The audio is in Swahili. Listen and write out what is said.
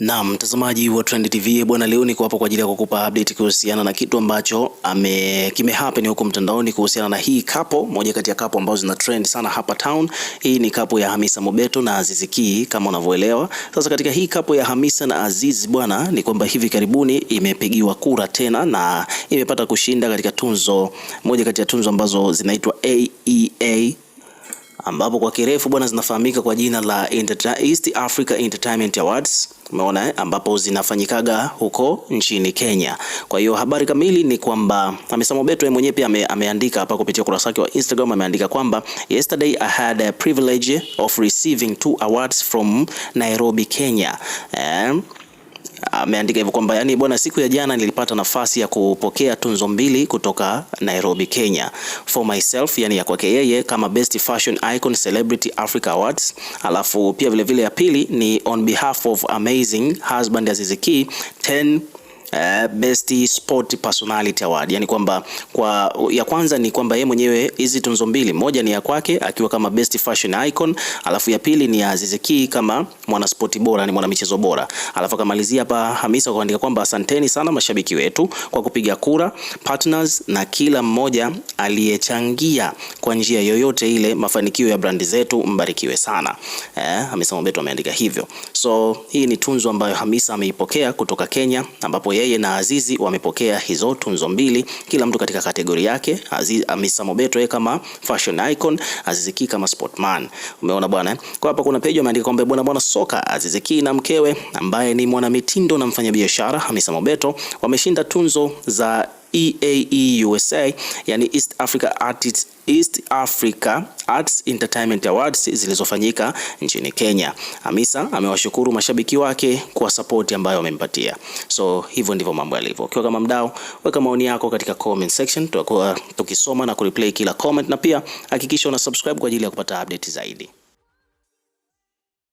Na mtazamaji wa Trend TV bwana, leo niko hapa kwa ajili ya kukupa update kuhusiana na kitu ambacho ame kime happen huko mtandaoni kuhusiana na hii kapo, moja kati ya kapo ambazo zina trend sana hapa town. Hii ni kapo ya Hamisa Mobeto na Azizi Ki kama unavyoelewa. Sasa katika hii kapo ya Hamisa na Azizi bwana, ni kwamba hivi karibuni imepigiwa kura tena na imepata kushinda katika tunzo, moja kati ya tunzo ambazo zinaitwa AEA e ambapo kwa kirefu bwana zinafahamika kwa jina la East Africa Entertainment Awards. Umeona eh? Ambapo zinafanyikaga huko nchini Kenya. Kwa hiyo habari kamili ni kwamba amesema Beto mwenyewe pia ame, ameandika hapa kupitia ukurasa wake wa Instagram ameandika kwamba yesterday I had a privilege of receiving two awards from Nairobi, Kenya. Eh, ameandika hivyo kwamba yani, bwana, siku ya jana nilipata nafasi ya kupokea tunzo mbili kutoka Nairobi, Kenya for myself, yani ya kwake yeye kama best fashion icon celebrity Africa Awards, alafu pia vilevile ya pili ni on behalf of amazing husband Azizi Ki 10 uh, best sport personality award, yani kwamba kwa ya kwanza ni kwamba yeye mwenyewe hizi tunzo mbili, moja ni ya kwake akiwa kama best fashion icon, alafu ya pili ni ya Aziz Ki kama mwanaspoti bora, ni mwana michezo bora. Alafu akamalizia hapa Hamisa kwa kuandika kwamba asanteni sana mashabiki wetu kwa kupiga kura partners, na kila mmoja aliyechangia kwa njia yoyote ile mafanikio ya brandi zetu, mbarikiwe sana. Eh, Hamisa Mobeto ameandika hivyo. So hii ni tunzo ambayo Hamisa ameipokea kutoka Kenya ambapo ye yeye na Azizi wamepokea hizo tunzo mbili, kila mtu katika kategori yake. Azizi Hamisa uh, Mobeto yeye kama fashion icon, Azizi Ki kama sportman. Umeona bwana, eh? kwa hapa kuna page wameandika kwamba bwana bwana soka, Azizi Ki na mkewe ambaye ni mwanamitindo na mfanyabiashara Hamisa Mobeto wameshinda tunzo za EAE USA, yani East Africa Artists East Africa Arts Entertainment Awards zilizofanyika nchini Kenya. Hamisa amewashukuru mashabiki wake kwa support ambayo wamempatia. So hivyo ndivyo mambo yalivyo. Ukiwa kama mdau, weka maoni yako katika comment section, tutakuwa tukisoma na kureplay kila comment, na pia hakikisha una subscribe kwa ajili ya kupata update zaidi.